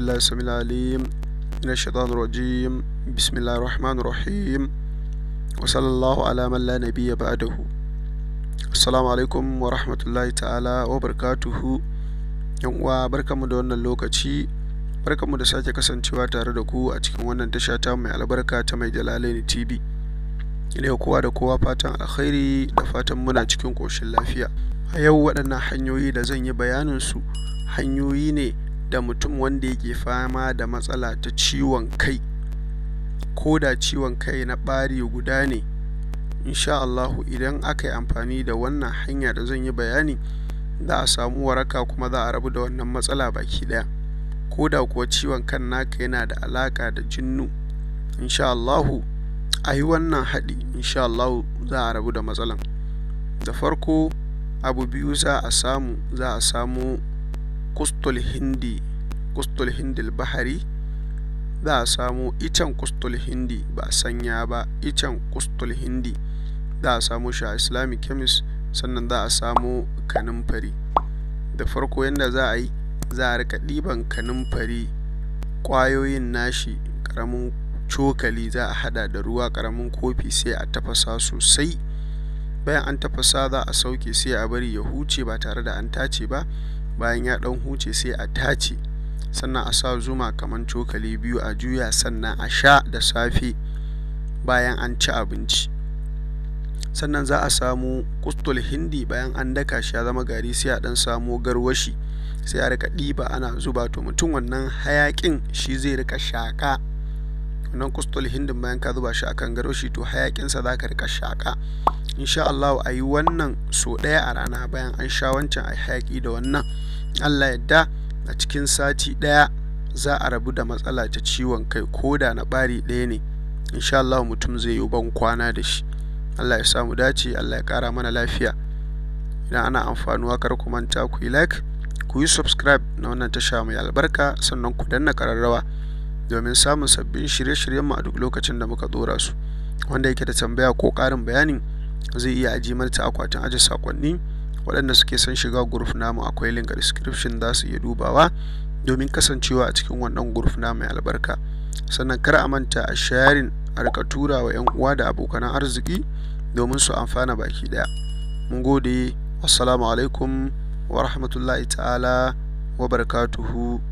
بالله السميع العليم من الشيطان الرجيم بسم الله الرحمن الرحيم وصلى الله على من لا نبي بعده السلام عليكم ورحمة الله تعالى وبركاته يوم da wannan lokaci da sake kasancewa tare da ku a cikin wannan tasha ta mai albarka ta mai jalalaini tv ne kowa da kowa fatan alkhairi da fatan muna cikin ƙoshin lafiya a yau waɗannan hanyoyi da zan yi bayanin su hanyoyi ne da mutum wanda yake fama da matsala ta ciwon kai ko da ciwon kai na ɓari guda ne insha Allahu idan aka yi amfani da wannan hanya da zan yi bayani za a samu waraka kuma za a rabu da wannan matsala baki ɗaya ko da kuwa ciwon kan naka yana da alaƙa da jinnu insha Allahu a yi wannan haɗi insha Allahu za a rabu da matsalan da farko abu biyu za a samu za a samu kustul hindi kustul hindi bahari za a samu icen kustul hindi ba sanya ba icen kustul hindi za a samu shi a islamic chemist sannan za a samu fari da farko yadda za a yi za a rika ɗiban fari ƙwayoyin nashi ƙaramin cokali za a hada da ruwa ƙaramin kofi sai a tafasa sosai bayan an tafasa za a sauke sai a bari ya huce ba tare da an tace ba bayan ya dan huce sai a tace sannan a sa zuma kamar cokali biyu a juya sannan a sha da safe bayan an ci abinci sannan za a samu kustul hindi bayan an daka shi ya zama gari sai a dan samo garwashi sai a rika ɗiba ana zuba to mutum wannan hayakin shi zai rika shaka wannan kustul hindin bayan ka zuba shi akan garwashi to hayakinsa za ka rika shaka insha Allah a yi wannan so ɗaya a rana bayan an sha wancan a hayaki da wannan Allah yadda a cikin sati ɗaya za a rabu da matsala ta ciwon kai ko da na ɓari ɗaya ne insha Allah mutum zai yi ban kwana da shi Allah ya samu dace Allah ya ƙara mana lafiya idan ana amfanuwa kar ku manta ku yi like ku yi subscribe na wannan tasha mai albarka sannan ku danna ƙararrawa domin samun sabbin shirye shiryen mu a duk lokacin da muka tsora su wanda yake da tambaya ko ƙarin bayani zai iya aji mana akwatin aje sakonni waɗanda suke son shiga group namu akwai link a description za su iya dubawa domin kasancewa a cikin wannan group na mai albarka sannan kar a manta a sharing a rika tura wa 'yan uwa da abokan arziki domin su amfana baki daya mun gode assalamu alaikum wa rahmatullahi ta'ala wa barakatuhu